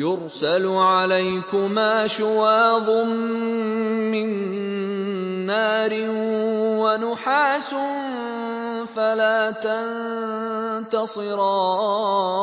يرسل عليكما شواظ من نار ونحاس فلا تنتصران